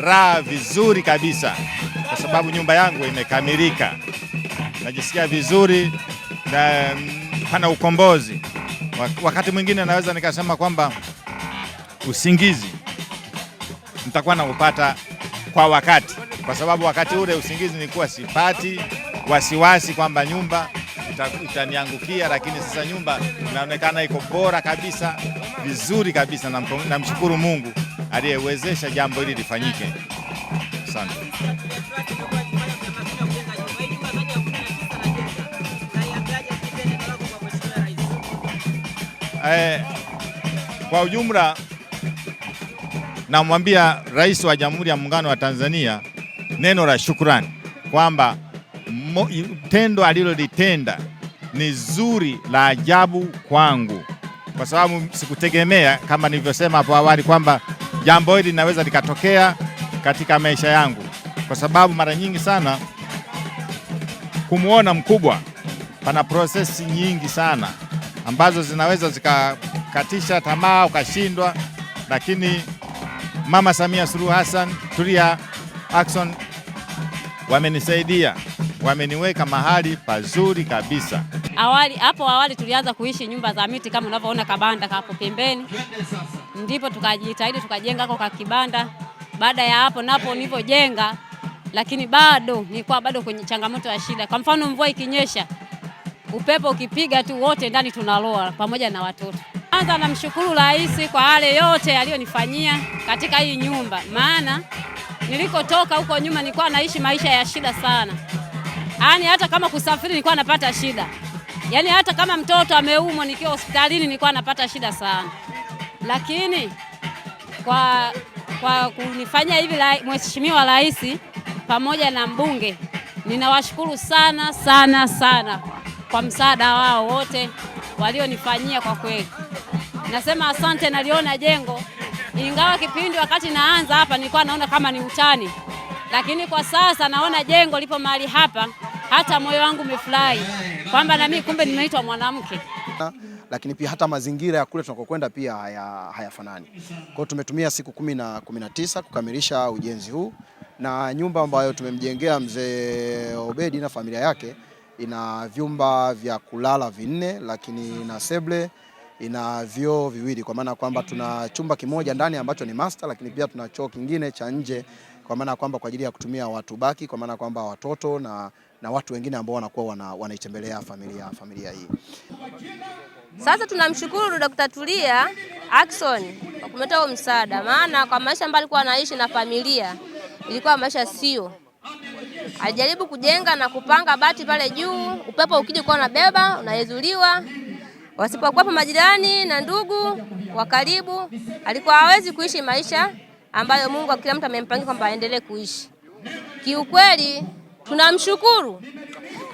Raha vizuri kabisa, kwa sababu nyumba yangu imekamilika, najisikia vizuri na mm, pana ukombozi. Wakati mwingine naweza nikasema kwamba usingizi nitakuwa naupata kwa wakati, kwa sababu wakati ule usingizi nilikuwa sipati, wasiwasi kwamba nyumba itaniangukia, lakini sasa nyumba inaonekana iko bora kabisa, vizuri kabisa. Namshukuru na Mungu aliyewezesha jambo hili lifanyike. Asante. Eh, kwa ujumla namwambia Rais wa Jamhuri ya Muungano wa Tanzania neno la shukrani kwamba tendo alilolitenda ni zuri la ajabu kwangu, kwa sababu sikutegemea, kama nilivyosema hapo awali, kwamba jambo hili linaweza likatokea katika maisha yangu, kwa sababu mara nyingi sana kumwona mkubwa, pana prosesi nyingi sana ambazo zinaweza zikakatisha tamaa ukashindwa, lakini Mama Samia Suluhu Hassan, Tulia Ackson wamenisaidia, wameniweka mahali pazuri kabisa. Awali hapo awali tulianza kuishi nyumba za miti kama unavyoona kabanda hapo pembeni, ndipo tukajitahidi tukajenga hako kibanda. Baada ya hapo napo nilipojenga, lakini bado nilikuwa bado kwenye changamoto ya shida. Kwa mfano mvua ikinyesha, upepo ukipiga tu, wote ndani tunaloa pamoja na watoto. Kwanza namshukuru Rais kwa yale yote aliyonifanyia katika hii nyumba, maana nilikotoka huko nyuma nilikuwa naishi maisha ya shida sana, yaani hata kama kusafiri nilikuwa napata shida. Yaani hata kama mtoto ameumwa nikiwa hospitalini nilikuwa napata shida sana, lakini kwa, kwa kunifanya hivi Mheshimiwa Rais pamoja na mbunge, ninawashukuru sana sana sana kwa msaada wao wote walionifanyia. Kwa kweli nasema asante. Naliona jengo, ingawa kipindi wakati naanza hapa nilikuwa naona kama ni utani, lakini kwa sasa naona jengo lipo mahali hapa hata moyo wangu umefurahi kwamba nami kumbe nimeitwa mwanamke. Lakini pia hata mazingira ya kule tunakokwenda pia hayafanani haya. Kwa hiyo tumetumia siku kumi na kumi na tisa kukamilisha ujenzi huu na nyumba ambayo tumemjengea mzee Obedi na familia yake ina vyumba vya kulala vinne, lakini na seble ina vyoo viwili, kwa maana kwamba tuna chumba kimoja ndani ambacho ni master, lakini pia tuna choo kingine cha nje, kwa maana kwamba kwa ajili ya kutumia watu baki, kwa maana kwamba watoto na na watu wengine ambao wanakuwa wana, wanaitembelea familia, familia hii. Sasa tunamshukuru Dr. Tulia Ackson kwa kumleta msaada, maana kwa maisha ambayo alikuwa anaishi na familia ilikuwa maisha sio. Alijaribu kujenga na kupanga bati pale juu, upepo ukija kwa unabeba unaezuliwa wasipokuwepo majirani na ndugu wa karibu, alikuwa hawezi kuishi maisha ambayo Mungu kila mtu amempangia kwamba aendelee kuishi. Kiukweli Tunamshukuru,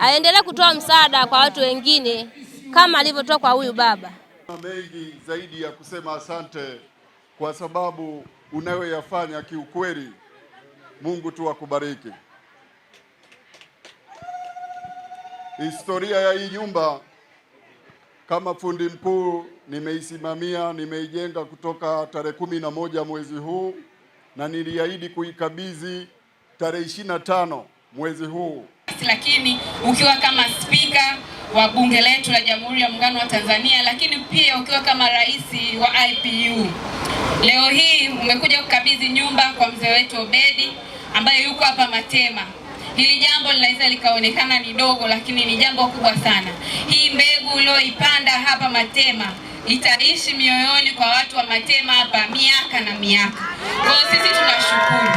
aendelee kutoa msaada kwa watu wengine kama alivyotoa kwa huyu baba. Mengi zaidi ya kusema asante kwa sababu unayoyafanya kiukweli, Mungu tu akubariki. Historia ya hii nyumba kama fundi mkuu nimeisimamia, nimeijenga kutoka tarehe kumi na moja mwezi huu na niliahidi kuikabidhi tarehe ishirini na tano mwezi huu. Lakini ukiwa kama spika wa bunge letu la Jamhuri ya Muungano wa Tanzania, lakini pia ukiwa kama rais wa IPU, leo hii umekuja kukabidhi nyumba kwa mzee wetu Obedi ambaye yuko hapa Matema. Hili jambo linaweza likaonekana ni dogo, lakini ni jambo kubwa sana. Hii mbegu ulioipanda hapa Matema itaishi mioyoni kwa watu wa Matema hapa miaka na miaka. Kwa sisi tunashukuru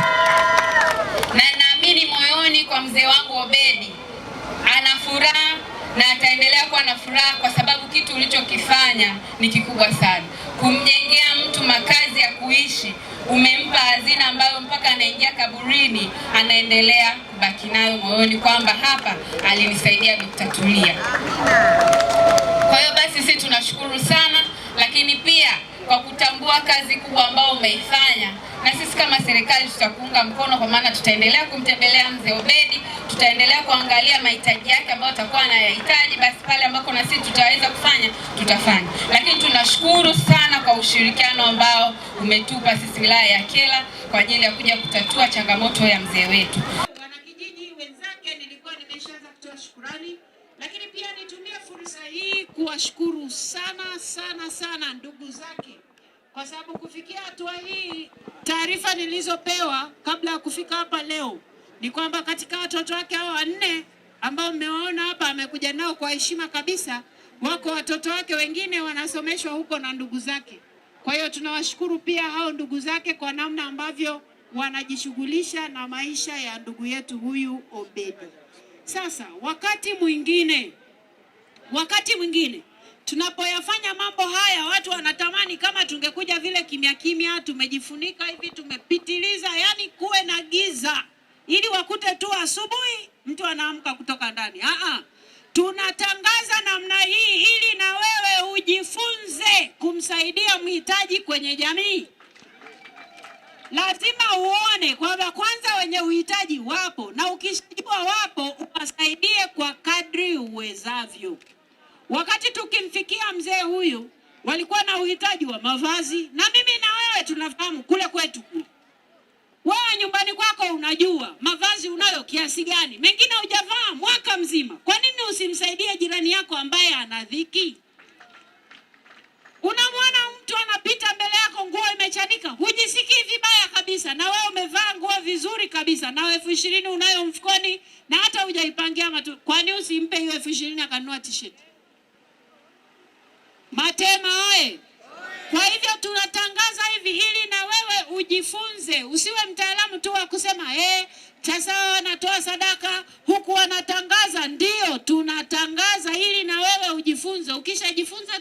naamini moyoni kwa mzee wangu Obedi ana furaha na ataendelea kuwa na furaha kwa sababu kitu ulichokifanya ni kikubwa sana. Kumjengea mtu makazi ya kuishi, umempa hazina ambayo mpaka anaingia kaburini anaendelea kubaki nayo moyoni kwamba hapa alinisaidia Dokta Tulia. Kwa hiyo basi, sisi tunashukuru sana, lakini pia kwa kutambua kazi kubwa ambayo umeifanya, na sisi kama serikali tutakuunga mkono, kwa maana tutaendelea kumtembelea mzee Obedi, tutaendelea kuangalia mahitaji yake ambayo atakuwa anayahitaji, basi pale ambako na sisi tutaweza kufanya tutafanya. Lakini tunashukuru sana kwa ushirikiano ambao umetupa sisi wilaya ya Kyela kwa ajili ya kuja kutatua changamoto ya mzee wetu. pia nitumie fursa hii kuwashukuru sana sana sana ndugu zake, kwa sababu kufikia hatua hii, taarifa nilizopewa kabla ya kufika hapa leo ni kwamba katika watoto wake hao wanne ambao mmewaona hapa, amekuja nao kwa heshima kabisa, wako watoto wake wengine wanasomeshwa huko na ndugu zake. Kwa hiyo tunawashukuru pia hao ndugu zake kwa namna ambavyo wanajishughulisha na maisha ya ndugu yetu huyu Obedi. Sasa wakati mwingine Wakati mwingine tunapoyafanya mambo haya, watu wanatamani kama tungekuja vile kimya kimya, tumejifunika hivi, tumepitiliza, yani kuwe na giza ili wakute tu asubuhi mtu anaamka kutoka ndani. Aa, tunatangaza namna hii ili na wewe ujifunze kumsaidia mhitaji kwenye jamii. Lazima uone kwamba kwanza wenye uhitaji wapo na Wakati tukimfikia mzee huyu walikuwa na uhitaji wa mavazi, na mimi na wewe tunafahamu kule kwetu kule. Wewe nyumbani kwako unajua mavazi unayo kiasi gani, mengine hujavaa mwaka mzima. Kwa nini usimsaidie jirani yako ambaye ana dhiki? Unamwona mtu anapita mbele yako, nguo imechanika, hujisikii vibaya kabisa, na wewe umevaa nguo vizuri kabisa, na elfu ishirini unayo mfukoni, na hata hujaipangia matu. nini usimpe hiyo elfu ishirini akanunua t-shirt? Matema oye! Kwa hivyo tunatangaza hivi ili na wewe ujifunze, usiwe mtaalamu tu wa kusema eh, sasa wanatoa sadaka huku wanatangaza. Ndio tunatangaza ili na wewe ujifunze, ukishajifunza